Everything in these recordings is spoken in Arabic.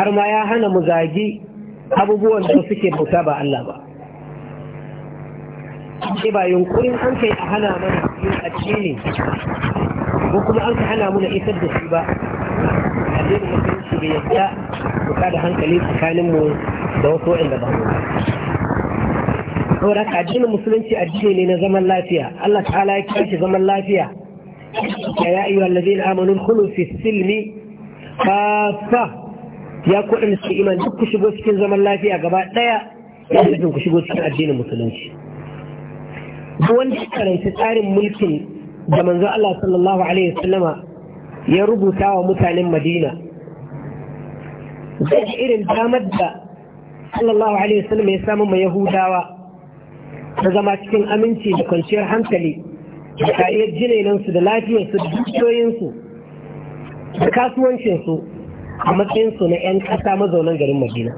har ma ya hana mu zagi abubuwan da suke bauta ba Allah ba ce ba yunkurin an kai a hana mana yin addini ko kuma an hana muna isar da shi ba addini musulunci da yadda buka da hankali tsakaninmu da wasu da ba mu saboda addinin musulunci addini ne na zaman lafiya Allah ta'ala ya kira shi zaman lafiya ya wa lalazin amanu khulu fi silmi kafa ya kuɗin su iman duk ku shigo cikin zaman lafiya gaba ɗaya ya nufin ku shigo cikin addinin musulunci duk wanda ya karanci tsarin mulkin da manzo Allah sallallahu alaihi wasallama ya rubuta wa mutanen Madina zai irin damar da sallallahu alaihi wasallama ya samu ma Yahudawa ta zama cikin aminci da kwanciyar hankali da ka'iyar jinenansu da lafiyarsu da dukiyoyinsu da kasuwancinsu a matsayinsu na 'yan ƙasa mazaunan garin madina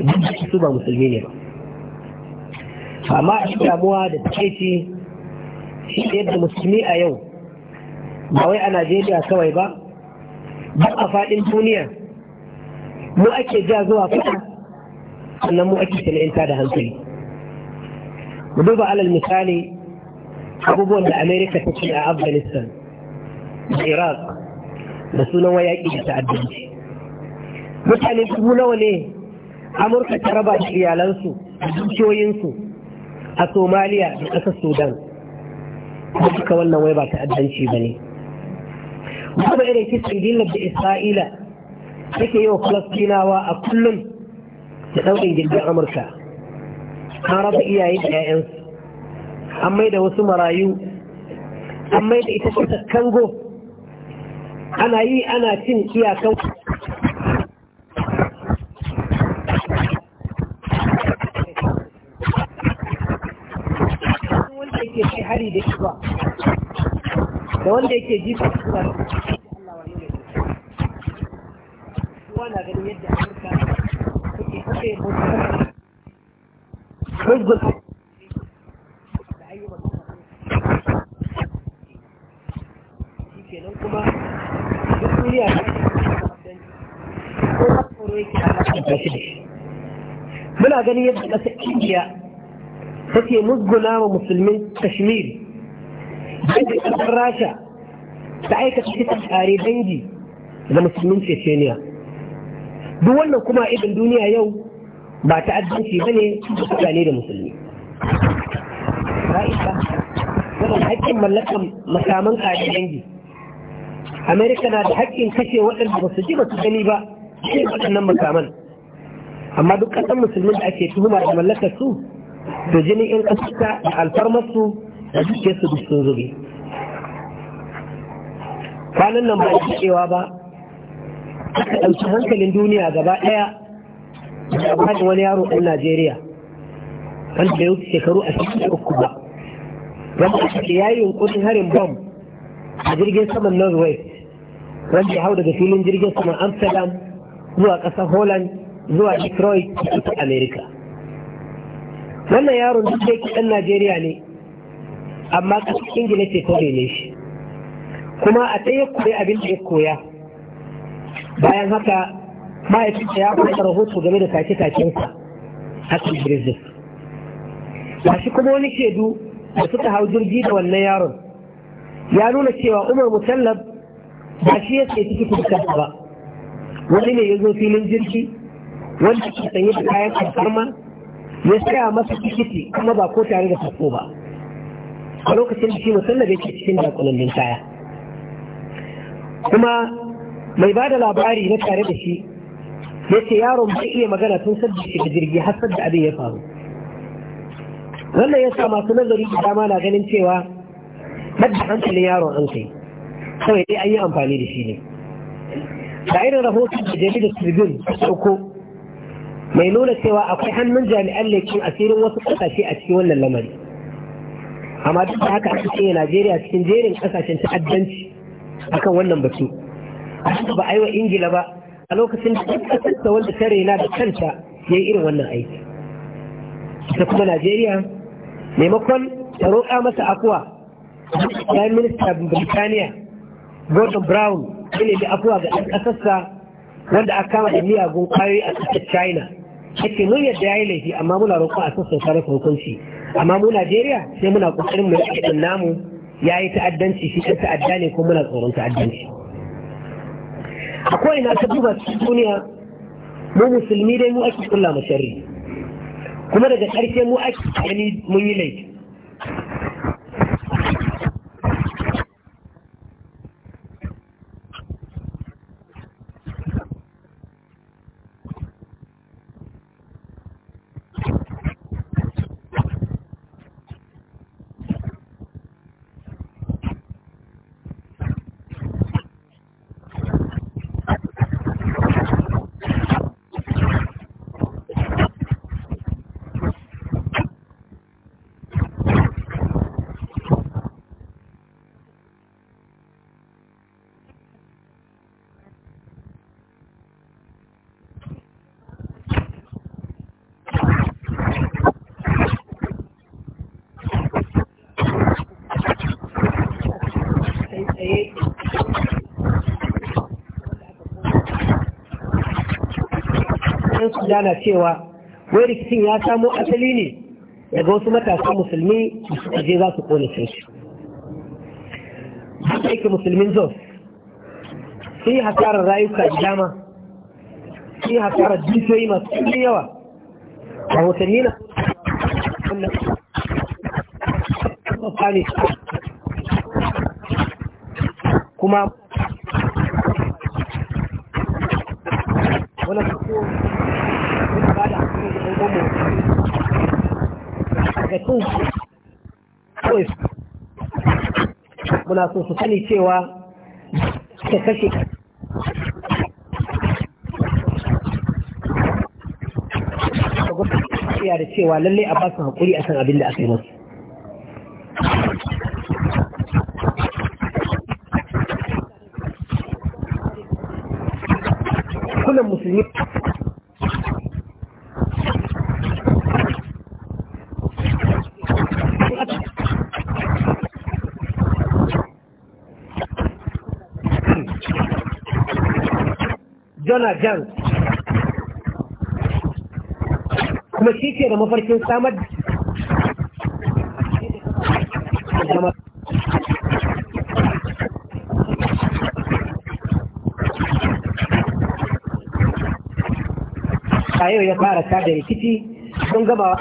duk da su ba musulmi ne ba amma a shi damuwa da takaici shi yadda musulmi a yau ba wai a najeriya kawai ba ba a faɗin duniya mu ake ja zuwa fita sannan mu ake sana'inta da hankali mu duba alal misali abubuwan da amerika ta ce a afghanistan da iraq da sunan yaƙi da ta'addanci mutane dubu nawa ne amurka ta raba da iyalansu da dukiyoyinsu a somaliya da ƙasar sudan kuma suka wannan wai ba ta'addanci ba ne kuma irin kisan gillar da isra'ila take yi wa falastinawa a kullum da ɗaukin gindin amurka an raba iyaye da 'ya'yansu an mai da wasu marayu an mai da ita kango ana yi ana cin iyakan wanda yake kai hari da shi ba da wanda yake ji su suna kowa na ganin yadda amurka suke duniya muna gani yadda ƙasar indiya take musguna wa musulmin kashmir da ƙasar rasha ta aikata kitan tare dangi ga musulmin chechenia duk wannan kuma idan duniya yau ba ta addinci ba ne mutane da musulmi ra'isa wannan haƙƙin mallakan makaman kare dangi amerika na da haƙƙin kashe waɗanda ba su ji ba su gani ba shi waɗannan makaman amma duk ƙasar musulmin da ake tuhuma da mallakar su to jinin yan ƙasarta da alfarmar su da duke su duk sun zube kwanan nan ba a cewa ba aka ɗauki hankalin duniya gaba ɗaya da abin wani yaro ɗan najeriya wanda bai wuce shekaru a cikin uku ba wanda ya yi kudin harin bom a jirgin saman norway wanda ya hau daga filin jirgin sama amsterdam zuwa ƙasar holland zuwa detroit ta Amerika. wannan yaron duk da yake ɗan najeriya ne amma ƙasar ingila ce ta ne shi kuma a ɗaya koyi abin da ya koya bayan haka ma'aikata ya fara rahoto game da take-takensa a kan ba shi kuma wani shaidu da suka hau jirgi da wannan yaron ya nuna cewa umar musallab ba shi ya ce tikitin kansa ba wani ne ya zo filin jirgi wanda ke sanye da kayan alfarma ya saya masa tikiti kuma ba ko tare da sako ba a lokacin da shi musallar yake cikin dakulallin kaya kuma mai ba da labari na tare da shi ya ce yaron bai iya magana tun shi da jirgi har da abin ya faru wannan ya sa masu nazari da dama na ganin cewa hadda hankalin yaron an kai kawai dai an yi amfani da shi ne da irin rahoton da da tribune a ɗauko mai nuna cewa akwai hannun jami'an laifin asirin wasu ƙasashe a cikin wannan lamari amma duk da haka aka ce najeriya cikin jerin ƙasashen ta'addanci akan wannan batu a ba a yi wa ingila ba a lokacin da ta kasance wanda ta raina da kanta ya yi irin wannan aiki ita kuma najeriya maimakon ta roƙa masa akuwa prime Minista birtaniya Gordon Brown ya nemi afuwa ga ɗan ƙasarsa wanda aka kama da miyagun ƙwayoyi a ƙasar China. Ake mun yadda ya yi laifi amma muna roƙon a sassan masa hukunci. Amma mu Najeriya sai muna ƙoƙarin mu yi namu ya yi ta'addanci shi ɗan ta'adda ne ko muna tsoron ta'addanci. A ko'ina ta duba cikin duniya mu musulmi dai mu ake kulla masharri. Kuma daga ƙarshe mu ake gani mun yi laifi. gudana cewa wai rikicin ya samo asali ne daga wasu matasa musulmi da suka je za su kone shi haka yake musulmin zos, sun yi hasarar rayuka da dama sun yi hasarar dukiyoyi masu ɗan yawa a hotanni na kuma so muna so su sani cewa ta kashe da cewa lallai a basu haƙuri san abin da aka yi masu jan kuma shi ke da mafarkin samar da a ya fara tada rikici don gaba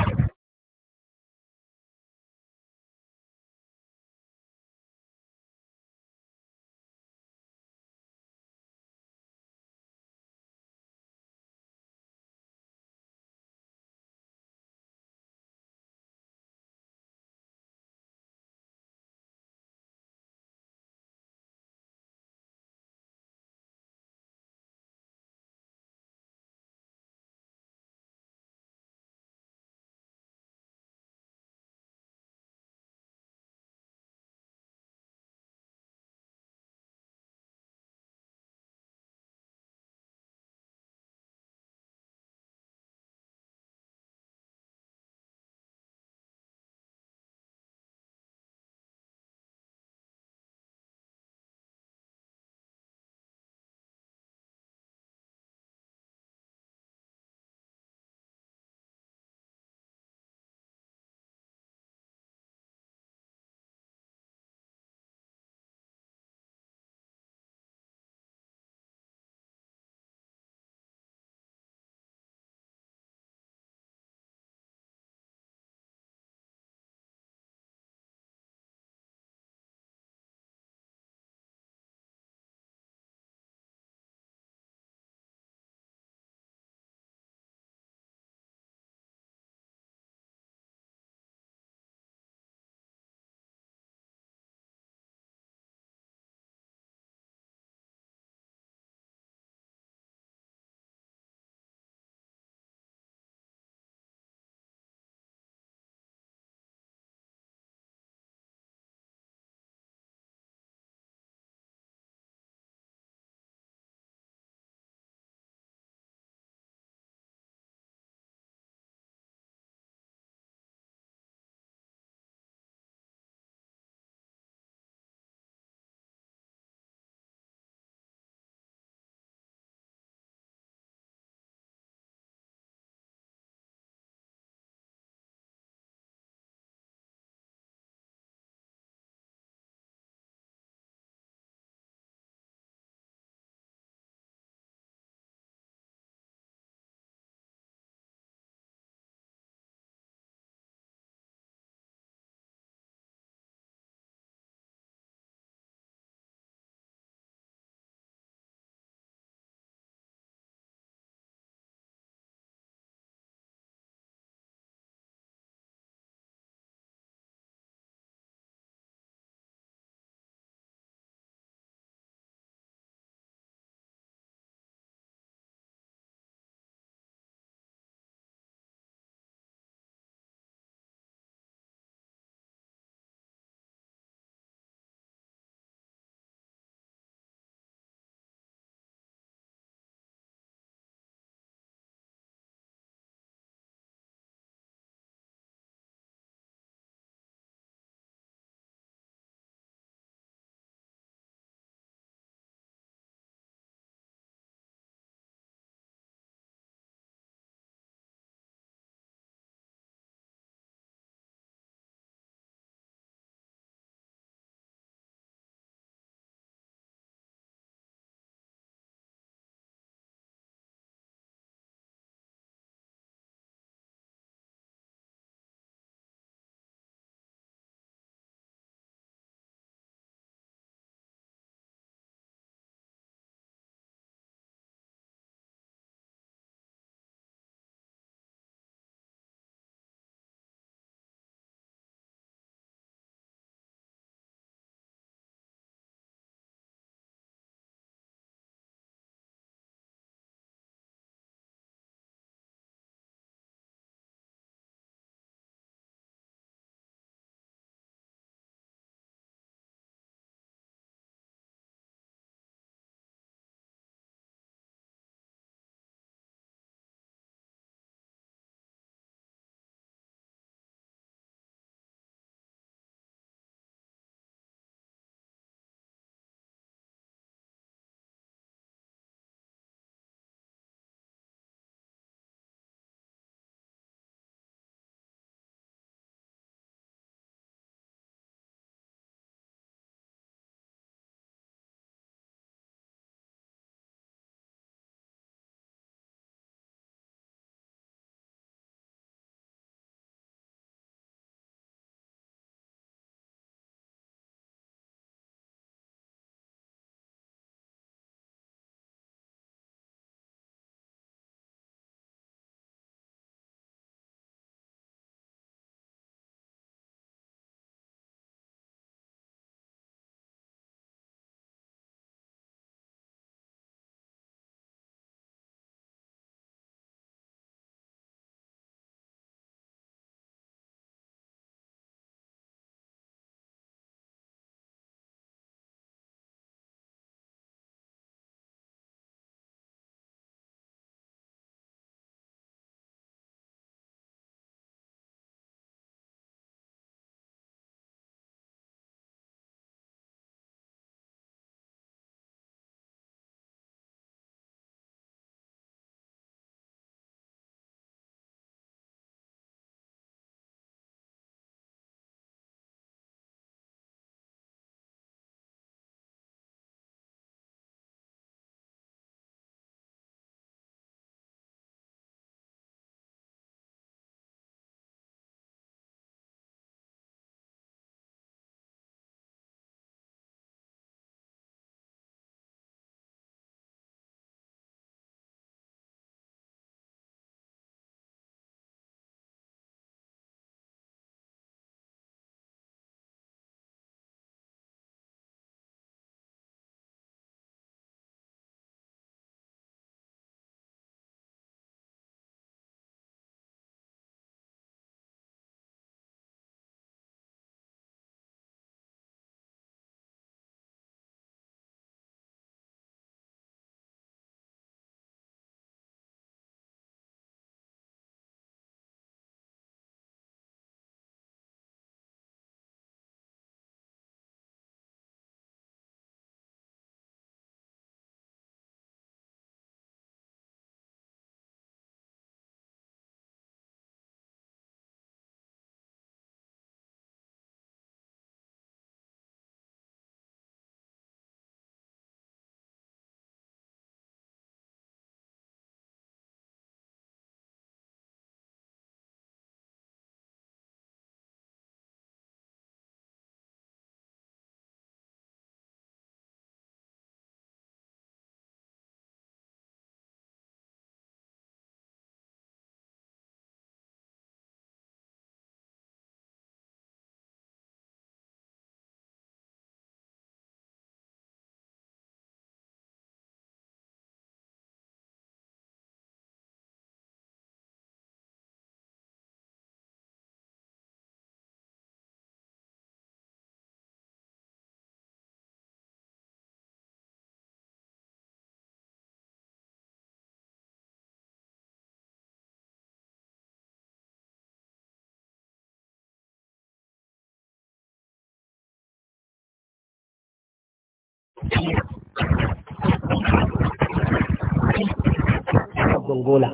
gongola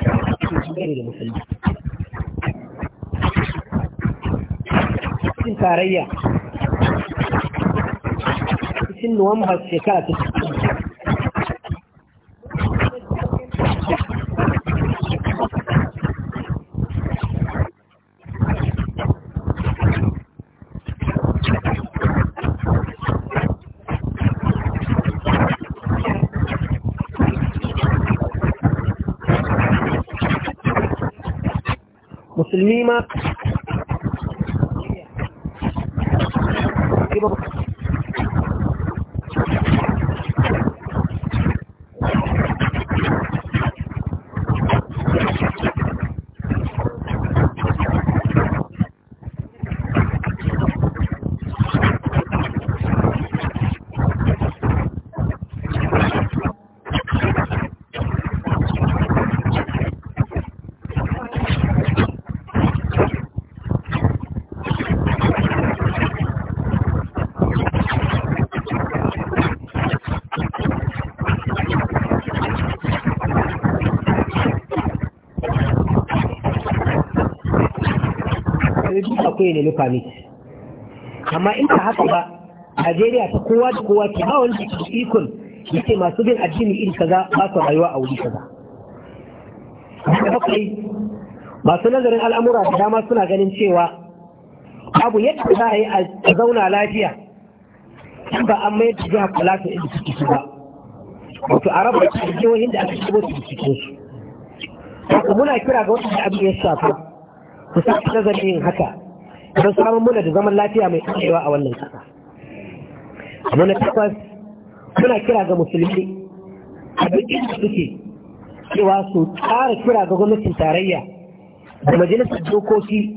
da musulmi cikin tarayya cikin nuwamba shekara ta musulmi ma ko ne nemi ne amma in ba haka ba Najeriya ta kowa da kowa ke ba wani ikon yake masu bin addini iri kaza ba su rayuwa a wuri kaza masu nazarin al'amura da dama suna ganin cewa abu yadda za a yi a zauna lafiya in ba an mayar da jiha kula ta inda su ba wato a raba jihohin da aka shigo su cikin su muna kira ga wata abin ya shafa ku sa nazarin yin haka don samun muna da zaman lafiya mai ɗaukewa a wannan ƙasa A na takwas suna kira ga musulmi a da suke cewa su ƙara kira ga gwamnatin tarayya da majalisar dokoki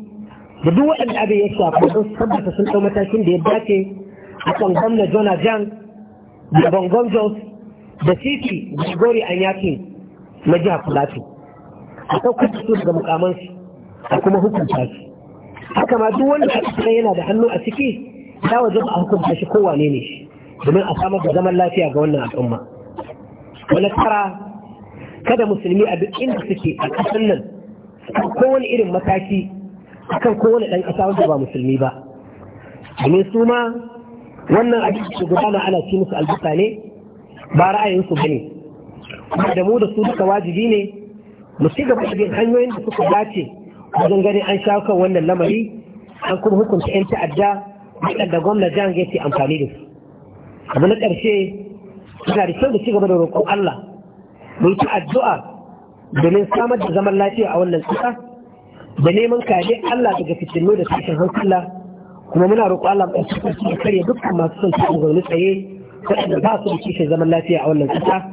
da duk waɗanda abin ya shafa don tabbata sun ɗau matakin da ya dace a kan gwamna jona jan da bangon jones da titi gori an na jihar plateau a ɗaukar daga mukamansu a kuma hukunta su haka ma duk wanda aka yana da hannu a ciki ya waje ba a hukunta shi kowane ne domin a samar da zaman lafiya ga wannan al'umma wani tara kada musulmi a duk inda suke a ƙasar nan kowane irin mataki akan kowane ɗan ƙasa wanda ba musulmi ba domin su ma wannan abin da gudana ana ci musu albasa ne ba ra'ayinsu ba ne da mu da su duka wajibi ne mu ci gaba da bin hanyoyin da suka dace wajen ganin an shawo kan wannan lamari an kuma hukunta 'yan ta'adda da gwamna jihar yake amfani da su abu na ƙarshe suna da kyau da cigaba da roƙon Allah mu yi addu'a domin samar da zaman lafiya a wannan ƙasa da neman kare Allah daga fitinu da tashin hankula kuma muna roƙon Allah mu ɗauki da karya dukkan masu son su zaune tsaye da ba su da kishin zaman lafiya a wannan ƙasa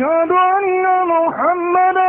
وأشهد أن محمدا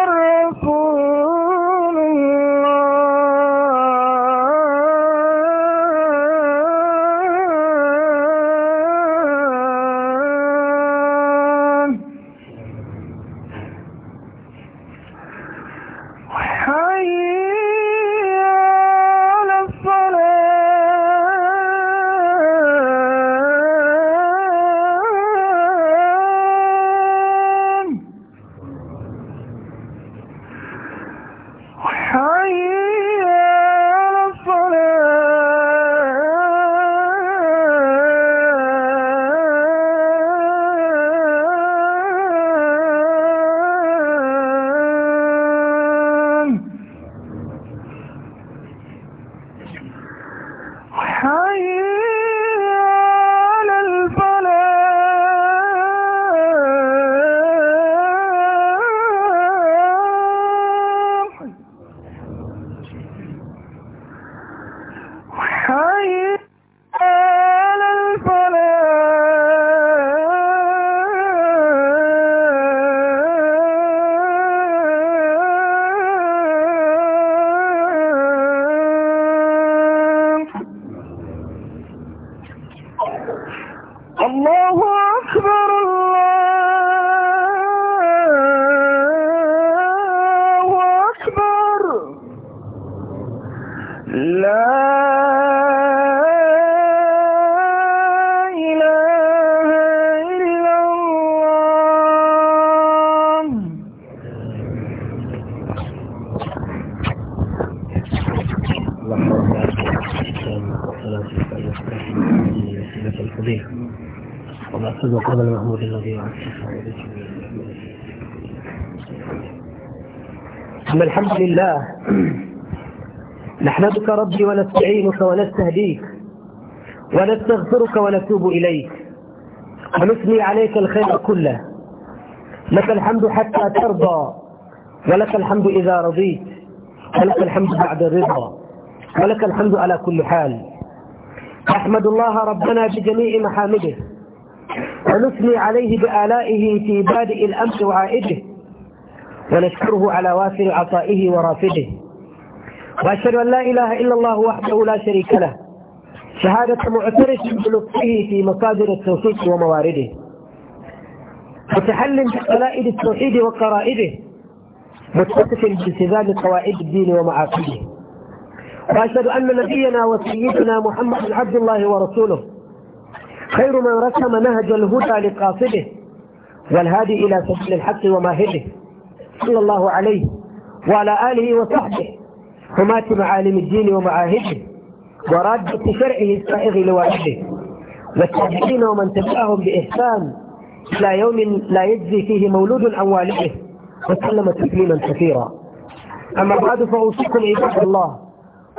إن الحمد لله نحمدك ربي ونستعينك ونستهديك ونستغفرك ونتوب إليك ونثني عليك الخير كله لك الحمد حتى ترضى ولك الحمد إذا رضيت ولك الحمد بعد الرضا ولك الحمد على كل حال أحمد الله ربنا بجميع محامده ونثني عليه بآلائه في بادئ الأمس وعائده ونشكره على وافر عطائه ورافده وأشهد أن لا إله إلا الله وحده لا شريك له شهادة معترف بلطفه في مصادر التوفيق وموارده متحل بقلائد التوحيد وقرائده متصف بالتزام قواعد الدين ومعاقده وأشهد أن نبينا وسيدنا محمد عبد الله ورسوله خير من رسم نهج الهدى لقاصده والهادي إلى سبيل الحق وماهده صلى الله عليه وعلى آله وصحبه ومات معالم الدين ومعاهده ورادة شرعه السائغ لوالده والتابعين ومن تبعهم بإحسان إلى يوم لا يجزي فيه مولود عن والده وسلم تسليما كثيرا أما بعد فأوصيكم عباد الله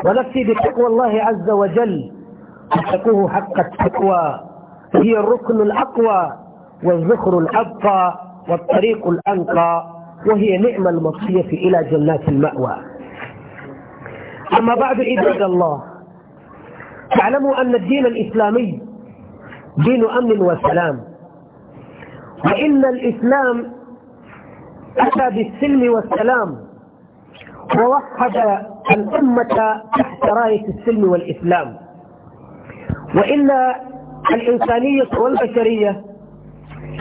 ونفسي بتقوى الله عز وجل اتقوه حق التقوى هي الركن الأقوى والذخر الأبقى والطريق الأنقى وهي نعم المصية إلى جنات المأوى أما بعد عباد الله تعلموا أن الدين الإسلامي دين أمن وسلام وإن الإسلام أتى بالسلم والسلام ووحد الأمة تحت راية السلم والإسلام وإن الإنسانية والبشرية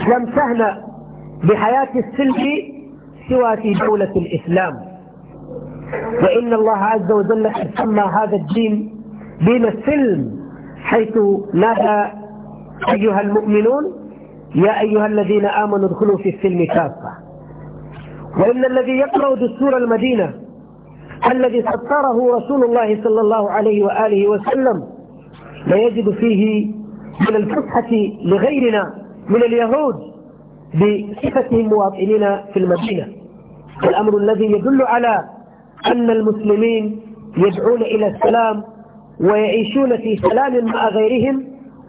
لم تهنأ بحياة السلم سوى في دولة الإسلام وإن الله عز وجل قد سمى هذا الدين دين السلم حيث نادى أيها المؤمنون يا أيها الذين آمنوا ادخلوا في السلم كافة وإن الذي يقرأ دستور المدينة الذي سطره رسول الله صلى الله عليه وآله وسلم لا يجد فيه من الفسحة لغيرنا من اليهود بصفتهم مواطنين في المدينة الأمر الذي يدل على أن المسلمين يدعون إلى السلام ويعيشون في سلام مع غيرهم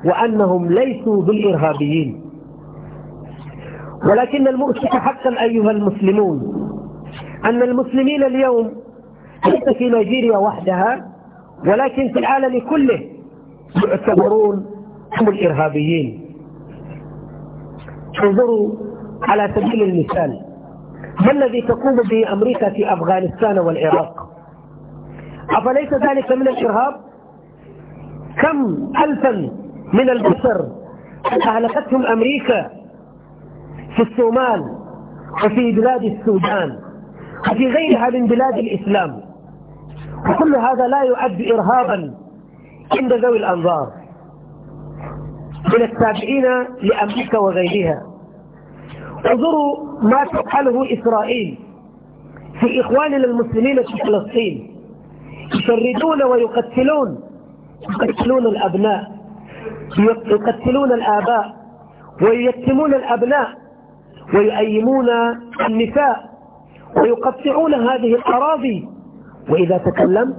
وأنهم ليسوا بالإرهابيين ولكن المؤسف حقا أيها المسلمون أن المسلمين اليوم ليس في نيجيريا وحدها ولكن في العالم كله يعتبرون هم الإرهابيين انظروا على سبيل المثال ما الذي تقوم به أمريكا في أفغانستان والعراق أفليس ذلك من الإرهاب كم ألفا من البشر أهلكتهم أمريكا في الصومال وفي بلاد السودان وفي غيرها من بلاد الإسلام وكل هذا لا يعد إرهابا عند ذوي الأنظار من التابعين لأمريكا وغيرها انظروا ما تفعله إسرائيل في إخواننا المسلمين في فلسطين يشردون ويقتلون يقتلون الأبناء يقتلون الآباء ويتمون الأبناء ويؤيمون النساء ويقطعون هذه الأراضي وإذا تكلمت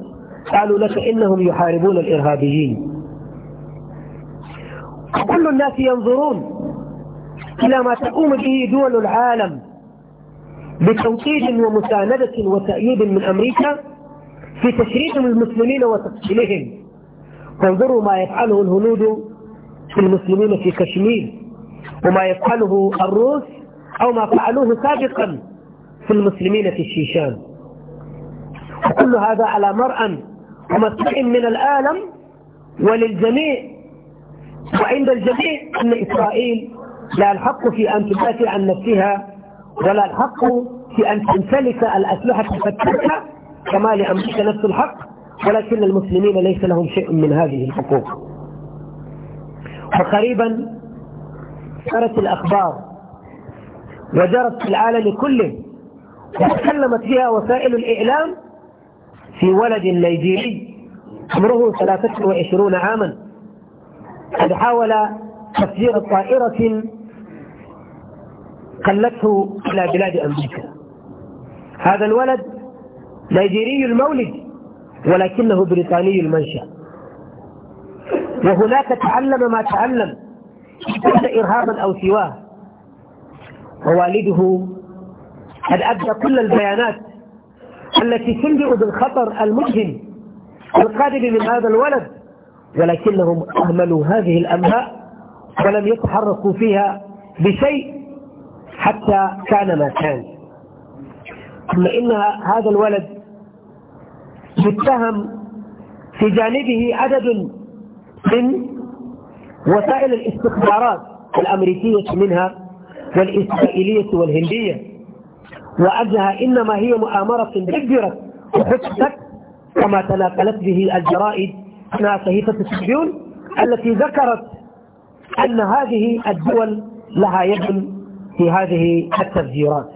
قالوا لك إنهم يحاربون الإرهابيين وكل الناس ينظرون إلى ما تقوم به دول العالم بتوطيد ومساندة وتأييد من أمريكا في تشريح المسلمين وتفصيلهم وانظروا ما يفعله الهنود في المسلمين في كشمير وما يفعله الروس أو ما فعلوه سابقا في المسلمين في الشيشان وكل هذا على مرأى ومسرح من العالم وللجميع وعند الجميع أن إسرائيل لا الحق في أن تدافع عن نفسها ولا الحق في أن تمتلك الأسلحة فتحها كما لأمريكا نفس الحق ولكن المسلمين ليس لهم شيء من هذه الحقوق وقريبا صارت الأخبار وجرت في العالم كله وتكلمت فيها وسائل الإعلام في ولد نيجيري عمره 23 عاما قد حاول تفجير طائرة خلته إلى بلاد أمريكا هذا الولد نيجيري المولد ولكنه بريطاني المنشأ وهناك تعلم ما تعلم كان إرهابا أو سواه ووالده قد أدى كل البيانات التي تنبئ بالخطر المجهم القادم من هذا الولد ولكنهم أهملوا هذه الأمهاء ولم يتحركوا فيها بشيء حتى كان ما كان ثم إن هذا الولد يتهم في جانبه عدد من وسائل الاستخبارات الأمريكية منها والإسرائيلية والهندية وأنها إنما هي مؤامرة دبرت وحفظت كما تناقلت به الجرائد أثناء صحيفة السبيون التي ذكرت أن هذه الدول لها يد في هذه التفجيرات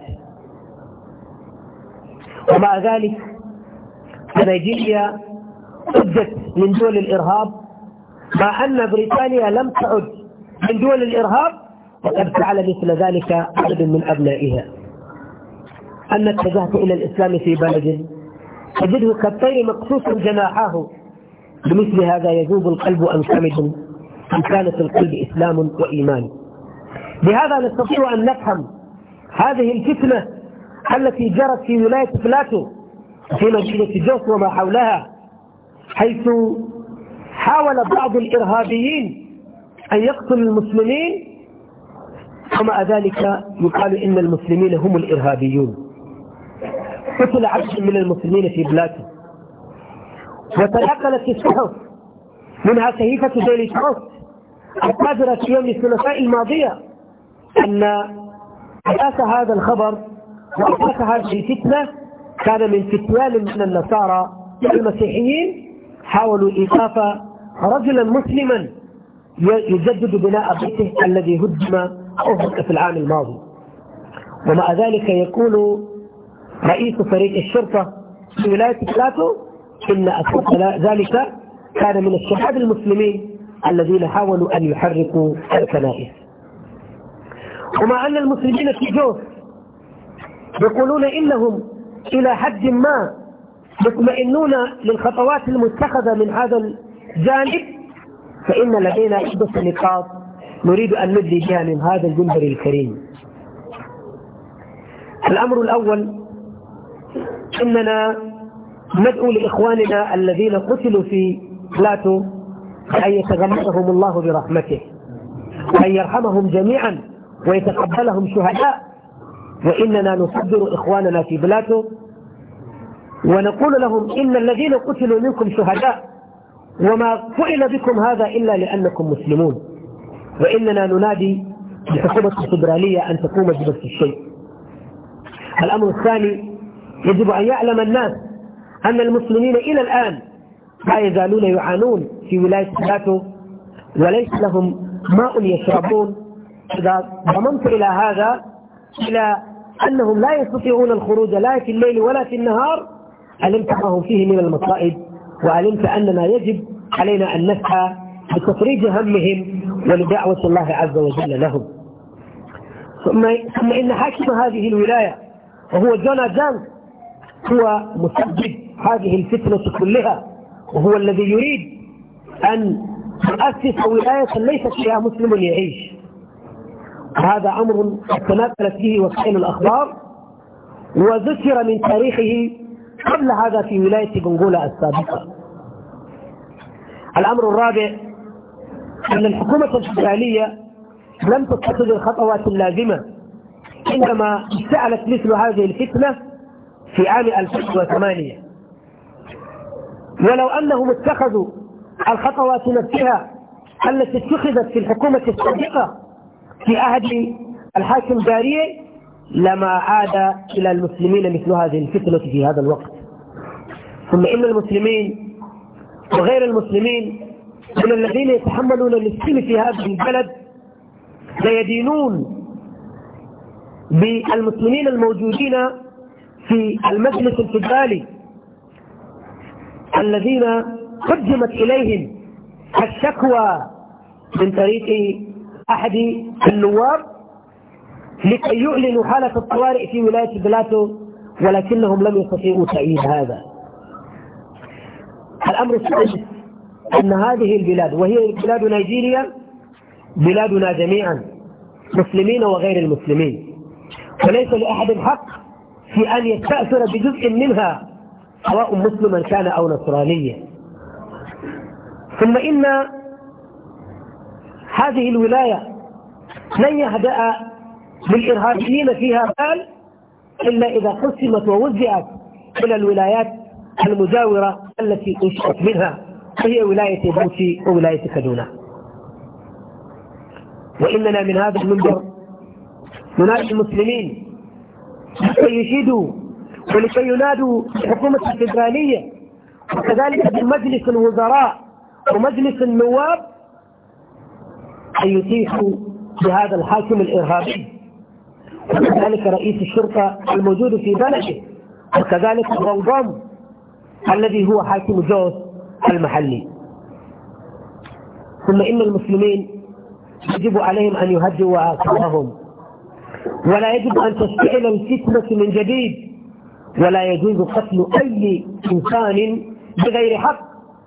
ومع ذلك نيجيريا عدت من دول الإرهاب مع أن بريطانيا لم تعد من دول الإرهاب وقد فعل مثل ذلك عدد من أبنائها أن اتجهت إلى الإسلام في بلد تجده كالطير مقصوص جناحاه بمثل هذا يذوب القلب أنكمد إن كان في القلب إسلام وإيمان بهذا نستطيع أن نفهم هذه الفتنة التي جرت في ولاية بلاتو في مدينة جوس وما حولها حيث حاول بعض الإرهابيين أن يقتل المسلمين ومع ذلك يقال إن المسلمين هم الإرهابيون قتل عبد من المسلمين في بلاده وتنقلت الصحف منها صحيفة ديلي تروست القادرة في يوم الثلاثاء الماضية أن أساس هذا الخبر وأساس هذه الفتنة كان من فتيان من النصارى المسيحيين حاولوا إيقاف رجلا مسلما يجدد بناء بيته الذي هدم أهلك في العام الماضي ومع ذلك يقول رئيس فريق الشرطة في ولاية بلاتو إن ذلك كان من الشهاد المسلمين الذين حاولوا أن يحركوا الكنائس ومع أن المسلمين في جوف يقولون إنهم إلى حد ما يطمئنون للخطوات المتخذة من هذا الجانب فإن لدينا عدة نقاط نريد أن ندلي بها من هذا الجندر الكريم الأمر الأول أننا ندعو لإخواننا الذين قتلوا في بلاتو أن يتغمدهم الله برحمته وأن يرحمهم جميعا ويتقبلهم شهداء وإننا نصدر إخواننا في بلاده ونقول لهم إن الذين قتلوا منكم شهداء وما فعل بكم هذا إلا لأنكم مسلمون وإننا ننادي الحكومة الفدرالية أن تقوم بنفس الشيء الأمر الثاني يجب أن يعلم الناس أن المسلمين إلى الآن لا يزالون يعانون في ولاية بلاتو وليس لهم ماء يشربون إذا ضممت إلى هذا إلى أنهم لا يستطيعون الخروج لا في الليل ولا في النهار علمت ما هم فيه من المصائب وعلمت أننا يجب علينا أن نسعى لتفريج همهم ولدعوة الله عز وجل لهم ثم, ثم إن حاكم هذه الولاية وهو جونا جانس هو مسبب هذه الفتنة كلها وهو الذي يريد أن يؤسس ولاية ليس فيها مسلم يعيش هذا أمر تمثلت فيه وسائل الأخبار وذكر من تاريخه قبل هذا في ولاية بنغولا السابقة الأمر الرابع أن الحكومة الفدرالية لم تتخذ الخطوات اللازمة عندما سألت مثل هذه الفتنة في عام 2008 ولو أنهم اتخذوا الخطوات نفسها التي اتخذت في الحكومة السابقة في عهد الحاكم جارية لما عاد إلى المسلمين مثل هذه الفتنة في هذا الوقت ثم إن المسلمين وغير المسلمين من الذين يتحملون المسلم في هذا البلد ليدينون بالمسلمين الموجودين في المجلس الفدرالي الذين قدمت إليهم الشكوى من طريق أحد النواب لكي يعلنوا حالة الطوارئ في ولاية بلاتو ولكنهم لم يستطيعوا تأييد هذا الأمر الثالث أن هذه البلاد وهي بلاد نيجيريا بلادنا جميعا مسلمين وغير المسلمين وليس لأحد حق في أن يستأثر بجزء منها سواء مسلما كان أو نصرانيا ثم إن هذه الولاية لن يهدأ للإرهابيين فيها قال إلا إذا قسمت ووزعت إلى الولايات المجاورة التي انشئت منها وهي ولاية بوتي وولاية كدونة وإننا من هذا المنبر ننادي المسلمين لكي يشيدوا ولكي ينادوا الحكومة الفدرالية وكذلك بمجلس الوزراء ومجلس النواب أن يتيحوا لهذا الحاكم الإرهابي وكذلك رئيس الشرطة الموجود في بلده وكذلك الرنظام الذي هو حاكم جوز المحلي ثم إن المسلمين يجب عليهم أن يهدوا أعصابهم ولا يجب أن تشتعل الفتنة من جديد ولا يجوز قتل أي إنسان بغير حق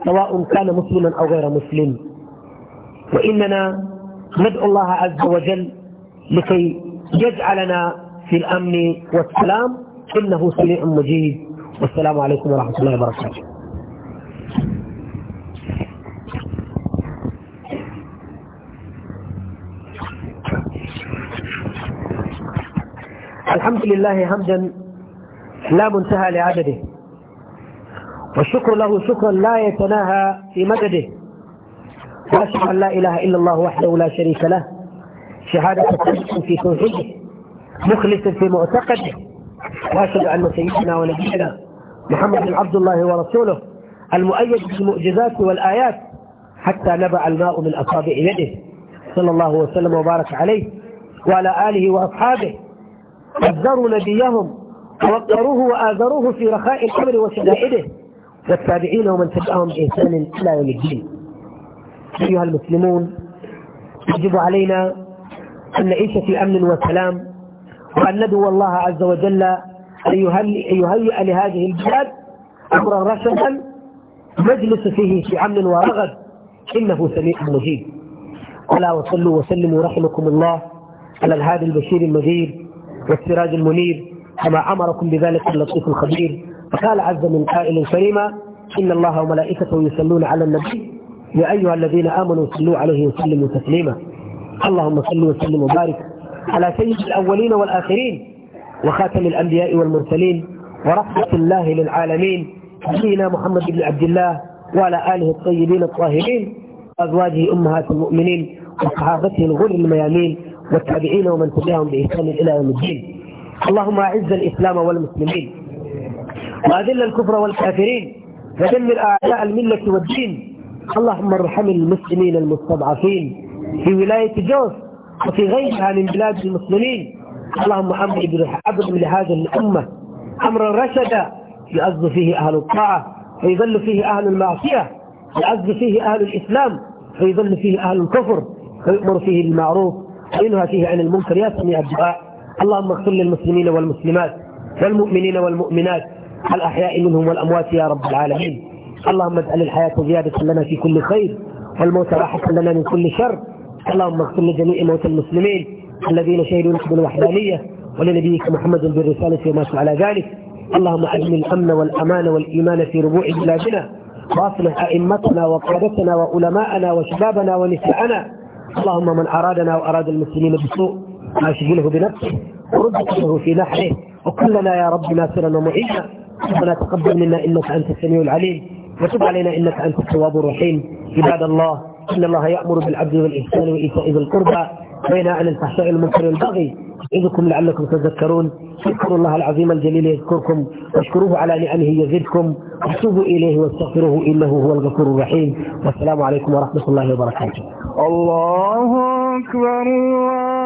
سواء كان مسلما أو غير مسلم وإننا ندعو الله عز وجل لكي يجعلنا في الأمن والسلام إنه سميع مجيب والسلام عليكم ورحمة الله وبركاته الحمد لله حمدا لا منتهى لعدده والشكر له شكرا لا يتناهى في مدده وأشهد أن لا إله إلا الله وحده لا شريك له شهادة في توحيده مخلص في معتقده وأشهد أن سيدنا ونبينا محمد عبد الله ورسوله المؤيد بالمعجزات والآيات حتى نبع الماء من أصابع يده صلى الله وسلم وبارك عليه وعلى آله وأصحابه أذروا نبيهم ووقروه وآذروه في رخاء الأمر وشدائده والتابعين ومن تبعهم بانسان لا يوم الدين أيها المسلمون يجب علينا أن نعيش في أمن وسلام وأن ندعو الله عز وجل أن يهيئ لهذه البلاد أمرا رشدا نجلس فيه في أمن ورغد إنه سميع مجيب ألا وصلوا وسلموا رحمكم الله على الهادي البشير المجيد والسراج المنير كما أمركم بذلك اللطيف الخبير فقال عز من قائل كريما إن الله وملائكته يصلون على النبي يا أيها الذين آمنوا صلوا عليه وسلموا تسليما اللهم صل وسلم وبارك على سيد الأولين والآخرين وخاتم الأنبياء والمرسلين ورحمة الله للعالمين سيدنا محمد بن عبد الله وعلى آله الطيبين الطاهرين وأزواجه أمهات المؤمنين وصحابته الغر الميامين والتابعين ومن تبعهم بإحسان إلى يوم الدين اللهم أعز الإسلام والمسلمين وأذل الكفر والكافرين ودمر أعداء الملة والدين اللهم ارحم المسلمين المستضعفين في ولاية جوز وفي غيرها من بلاد المسلمين اللهم امر أبرم لهذه الأمة أمرا رشدا يعز فيه أهل الطاعة ويذل فيه أهل المعصية يعز فيه أهل الإسلام ويذل فيه أهل الكفر ويؤمر فيه بالمعروف وينهى فيه عن المنكر يا سميع الدعاء اللهم اغفر للمسلمين والمسلمات والمؤمنين والمؤمنات الأحياء منهم والأموات يا رب العالمين اللهم اجعل الحياة زيادة لنا في كل خير والموت راحة لنا من كل شر اللهم اغفر لجميع موتى المسلمين الذين شهدوا لك بالوحدانية ولنبيك محمد بالرسالة شاء على ذلك اللهم أجل الأمن والأمان والإيمان في ربوع بلادنا واصلح أئمتنا وقادتنا وعلماءنا وشبابنا ونساءنا اللهم من أرادنا وأراد المسلمين بسوء أشغله بنفسه ورد قلبه في نحره وكلنا يا رب ناصرا ومعينا ربنا تقبل منا إنك أنت السميع العليم وتب علينا إنك أنت التواب الرحيم عباد الله إن الله يأمر بالعدل والإحسان وإيتاء ذي القربى وينهى عن الفحشاء والمنكر والبغي يعظكم لعلكم تذكرون اذكروا الله العظيم الجليل يذكركم واشكروه على نعمه يزدكم وتوبوا إليه واستغفروه إنه هو الغفور الرحيم والسلام عليكم ورحمة الله وبركاته الله أكبر الله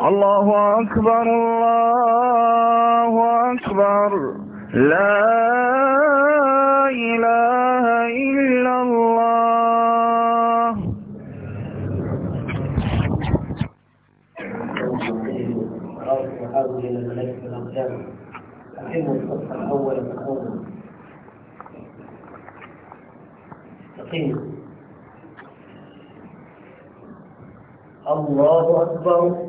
الله أكبر الله أكبر لا إله إلا الله الله أكبر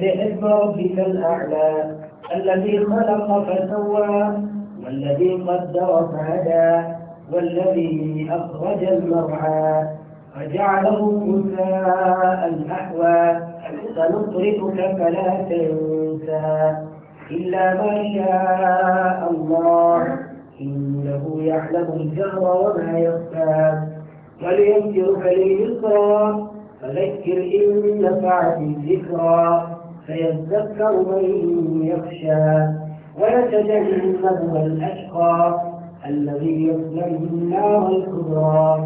سبح ربك الأعلى الذي خلق فسوى والذي قدر فهدى والذي أخرج المرعى فجعله موسى المحوى سنطرقك فلا تنسى إلا ما شاء الله إنه يعلم الجهر وما يخفى وليذكرك لليسرى فذكر إن نفعت الذكرى فيذكر من يخشى ويتجنبها الأشقى الذي يصلى النار الكبرى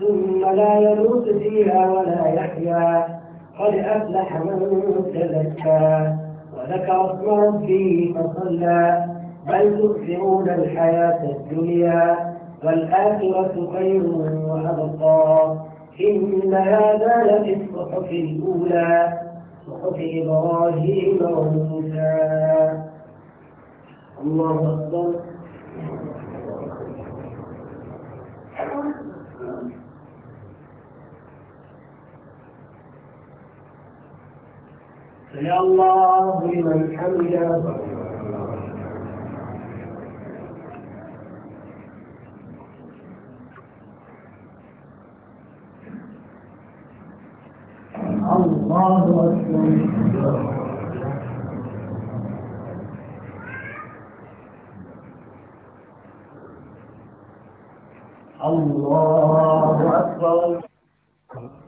ثم لا يموت فيها ولا يحيا قد أفلح من تزكى وذكر اسم ربه فصلى بل تؤثرون الحياة الدنيا والآخرة خير وأبقى إن هذا لفي الصحف الأولى إبراهيم وموسى الله أكبر يا الله لمن حمده الله أكبر الله أكبر